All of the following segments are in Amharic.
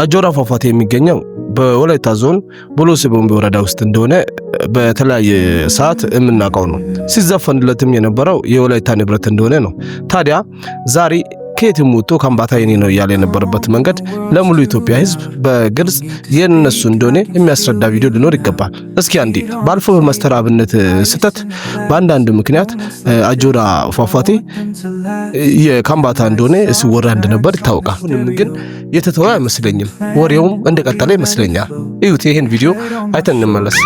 አጆራ ፏፏቴ የሚገኘው በወላይታ ዞን ቦሎ ሲቦምቤ ወረዳ ውስጥ እንደሆነ በተለያየ ሰዓት የምናውቀው ነው። ሲዘፈንለትም የነበረው የወላይታ ንብረት እንደሆነ ነው። ታዲያ ዛሬ ከየትም ወጥቶ ከምባታ የኔ ነው እያለ የነበረበት መንገድ ለሙሉ ኢትዮጵያ ህዝብ በግልጽ የነሱ እንደሆነ የሚያስረዳ ቪዲዮ ሊኖር ይገባል። እስኪ አንዴ ባልፎ በመስተራብነት ስህተት በአንዳንድ ምክንያት አጆራ ፏፏቴ የካምባታ እንደሆነ ሲወራ እንደነበር ይታወቃል። ግን የተተወ አይመስለኝም፣ ወሬውም እንደቀጠለ ይመስለኛል። እዩት፣ ይህን ቪዲዮ አይተን እንመለስ።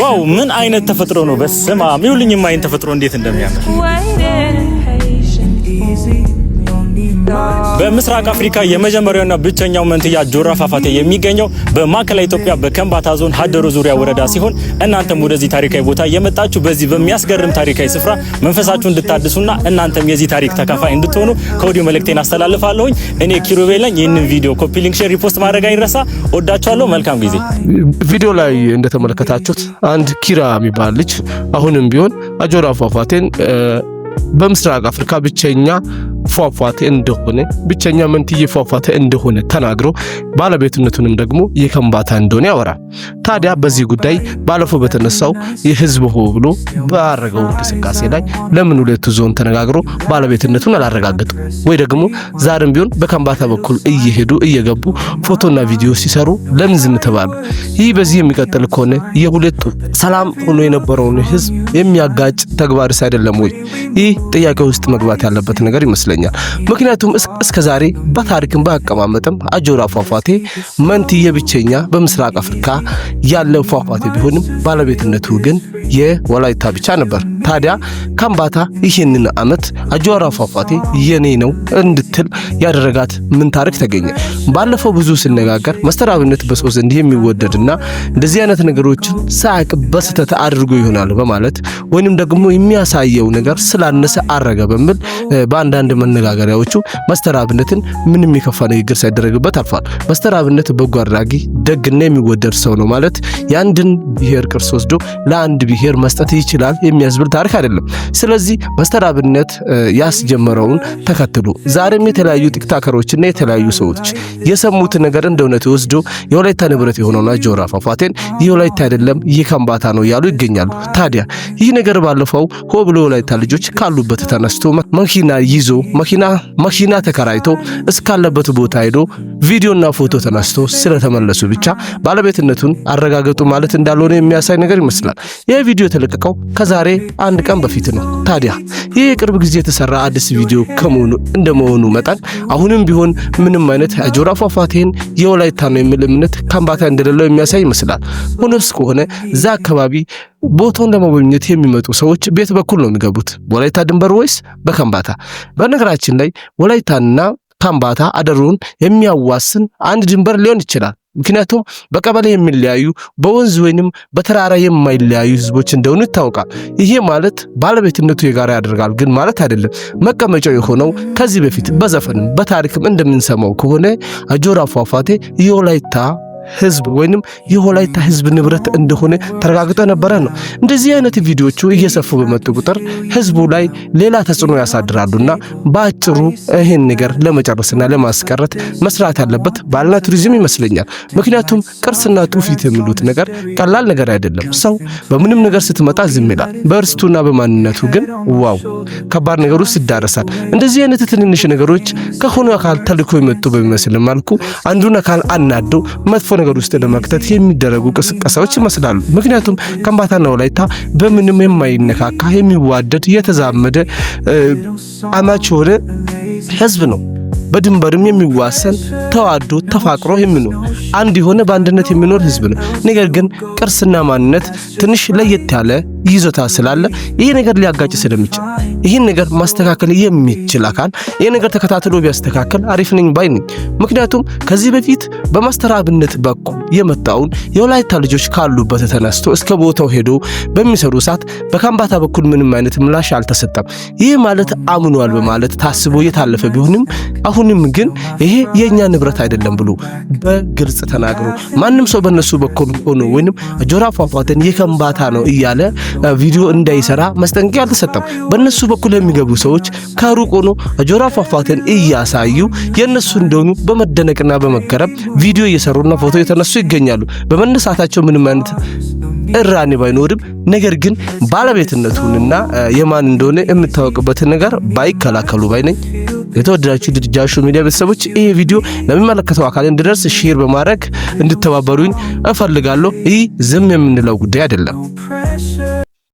ዋው ምን አይነት ተፈጥሮ ነው! በስማ አብ ይኸውልኝ፣ ተፈጥሮ እንዴት እንደሚያምር በምስራቅ አፍሪካ የመጀመሪያውና ብቸኛው መንትያ ጆራ ፏፏቴ የሚገኘው በማዕከላዊ ኢትዮጵያ በከምባታ ዞን ሀደሮ ዙሪያ ወረዳ ሲሆን እናንተም ወደዚህ ታሪካዊ ቦታ የመጣችሁ በዚህ በሚያስገርም ታሪካዊ ስፍራ መንፈሳችሁ እንድታድሱና እናንተም የዚህ ታሪክ ተካፋይ እንድትሆኑ ከወዲሁ መልእክቴን አስተላልፋለሁኝ። እኔ ኪሩቤል ነኝ። ይህንን ቪዲዮ ኮፒ፣ ሊንክ፣ ሼር፣ ሪፖስት ማድረግ አይረሳ። ወዳችኋለሁ። መልካም ጊዜ። ቪዲዮ ላይ እንደተመለከታችሁት አንድ ኪራ የሚባል ልጅ አሁንም ቢሆን አጆራ ፏፏቴን በምስራቅ አፍሪካ ብቸኛ ፏፏቴ እንደሆነ ብቸኛ መንትዬ ፏፏቴ እንደሆነ ተናግሮ ባለቤትነቱንም ደግሞ የከምባታ እንደሆነ ያወራል። ታዲያ በዚህ ጉዳይ ባለፈው በተነሳው የህዝብ ሆ ብሎ ባረገው እንቅስቃሴ ላይ ለምን ሁለቱ ዞን ተነጋግሮ ባለቤትነቱን አላረጋገጡ ወይ ደግሞ ዛሬም ቢሆን በከምባታ በኩል እየሄዱ እየገቡ ፎቶና ቪዲዮ ሲሰሩ ለምን ዝም ተባሉ? ይህ በዚህ የሚቀጥል ከሆነ የሁለቱ ሰላም ሆኖ የነበረውን ህዝብ የሚያጋጭ ተግባርስ አይደለም ወይ? ይህ ጥያቄ ውስጥ መግባት ያለበት ነገር ይመስለኛል። ይመስለኛል። ምክንያቱም እስከ ዛሬ በታሪክም በአቀማመጥም አጆራ ፏፏቴ መንትዬ ብቸኛ በምስራቅ አፍሪካ ያለው ፏፏቴ ቢሆንም ባለቤትነቱ ግን የወላይታ ብቻ ነበር። ታዲያ ከምባታ ይህንን ዓመት አጅዋራ ፏፏቴ የኔ ነው እንድትል ያደረጋት ምን ታሪክ ተገኘ? ባለፈው ብዙ ስነጋገር መስተራብነት በሰው ዘንድ የሚወደድና እንደዚህ አይነት ነገሮችን ሳያቅ በስተት አድርጎ ይሆናል በማለት ወይንም ደግሞ የሚያሳየው ነገር ስላነሰ አረገ በሚል በአንዳንድ መነጋገሪያዎቹ መስተራብነትን ምንም የከፋ ንግግር ሳይደረግበት አልፏል። መስተራብነት በጎ አድራጊ፣ ደግና የሚወደድ ሰው ነው ማለት የአንድን ብሔር ቅርስ ወስዶ ለአንድ ብሔር መስጠት ይችላል የሚያስብል ታሪክ አይደለም። ስለዚህ በስተዳብነት ያስጀመረውን ተከትሎ ዛሬም የተለያዩ ቲክታከሮችና የተለያዩ ሰዎች የሰሙት ነገር እንደ እውነት ወስዶ የወላይታ ንብረት የሆነውና ጆራ ፏፏቴን ይህ ወላይታ አይደለም ይህ ነው እያሉ ይገኛሉ። ታዲያ ይህ ነገር ባለፈው ሆ ብሎ ወላይታ ልጆች ካሉበት ተነስቶ መኪና ይዞ መኪና መኪና ተከራይቶ እስካለበት ቦታ ሄዶ ቪዲዮና ፎቶ ተነስቶ ስለተመለሱ ብቻ ባለቤትነቱን አረጋገጡ ማለት እንዳልሆነ የሚያሳይ ነገር ይመስላል። ይህ ቪዲዮ የተለቀቀው ከዛሬ ከአንድ ቀን በፊት ነው። ታዲያ ይህ የቅርብ ጊዜ የተሰራ አዲስ ቪዲዮ ከመሆኑ እንደመሆኑ መጠን አሁንም ቢሆን ምንም አይነት የአጆራ ፏፏቴን የወላይታ ነው የሚል እምነት ከምባታ እንደሌለው የሚያሳይ ይመስላል። ሆኖስ ከሆነ እዛ አካባቢ ቦታውን ለመጎብኘት የሚመጡ ሰዎች ቤት በኩል ነው የሚገቡት፣ በወላይታ ድንበር ወይስ በከምባታ? በነገራችን ላይ ወላይታና ከምባታ አደሩን የሚያዋስን አንድ ድንበር ሊሆን ይችላል። ምክንያቱም በቀበሌ የሚለያዩ በወንዝ ወይንም በተራራ የማይለያዩ ህዝቦች እንደሆኑ ይታወቃል። ይሄ ማለት ባለቤትነቱ የጋራ ያደርጋል ግን ማለት አይደለም። መቀመጫው የሆነው ከዚህ በፊት በዘፈንም በታሪክም እንደምንሰማው ከሆነ አጆራ ፏፏቴ የወላይታ ህዝብ ወይንም የወላይታ ህዝብ ንብረት እንደሆነ ተረጋግጦ ነበረ ነው። እንደዚህ አይነት ቪዲዮቹ እየሰፉ በመጡ ቁጥር ህዝቡ ላይ ሌላ ተጽዕኖ ያሳድራሉና በአጭሩ ይህን ነገር ለመጨረስና ለማስቀረት መስራት ያለበት ባህልና ቱሪዝም ይመስለኛል። ምክንያቱም ቅርስና ትውፊት የሚሉት ነገር ቀላል ነገር አይደለም። ሰው በምንም ነገር ስትመጣ ዝም ይላል። በእርስቱና በማንነቱ ግን ዋው ከባድ ነገር ውስጥ ይዳረሳል። እንደዚህ አይነት ትንንሽ ነገሮች ከሆኑ አካል ተልኮ የመጡ በሚመስል መልኩ አንዱን አካል አናደው መጥፎ ነገር ውስጥ ለመክተት የሚደረጉ ቅስቀሳዎች ይመስላሉ። ምክንያቱም ከምባታና ወላይታ በምንም የማይነካካ የሚዋደድ የተዛመደ አማች የሆነ ህዝብ ነው። በድንበርም የሚዋሰን ተዋዶ ተፋቅሮ የሚኖር አንድ የሆነ በአንድነት የሚኖር ህዝብ ነው። ነገር ግን ቅርስና ማንነት ትንሽ ለየት ያለ ይዞታ ስላለ ይሄ ነገር ሊያጋጭ ስለሚችል ይህን ነገር ማስተካከል የሚችል አካል ይህ ነገር ተከታትሎ ቢያስተካከል አሪፍ ነኝ ባይ ነኝ። ምክንያቱም ከዚህ በፊት በማስተራብነት በኩል የመጣውን የወላይታ ልጆች ካሉበት ተነስቶ እስከ ቦታው ሄዶ በሚሰሩ ሰዓት በካምባታ በኩል ምንም አይነት ምላሽ አልተሰጠም። ይህ ማለት አምኗል በማለት ታስቦ የታለፈ ቢሆንም አሁንም ግን ይሄ የእኛ ንብረት አይደለም ብሎ በግልጽ ተናግሮ ማንም ሰው በነሱ በኩል ሆኖ ወይንም ጆራ ፏፏቴን የከምባታ ነው እያለ ቪዲዮ እንዳይሰራ ማስጠንቀቂያ አልተሰጠም። በእነሱ በኩል የሚገቡ ሰዎች ከሩቅ ሆኖ ጆራ ፏፏቴን እያሳዩ የእነሱ እንደሆኑ በመደነቅና በመገረም ቪዲዮ እየሰሩና ፎቶ የተነሱ ይገኛሉ። በመነሳታቸው ምንም አይነት እራኔ ባይኖርም ነገር ግን ባለቤትነቱንና የማን እንደሆነ የምታወቅበትን ነገር ባይከላከሉ ባይ ነኝ። የተወደዳችሁ ድጃሹ ሚዲያ ቤተሰቦች ይህ ቪዲዮ ለሚመለከተው አካል እንድደርስ ሼር በማድረግ እንድተባበሩኝ እፈልጋለሁ። ይህ ዝም የምንለው ጉዳይ አይደለም።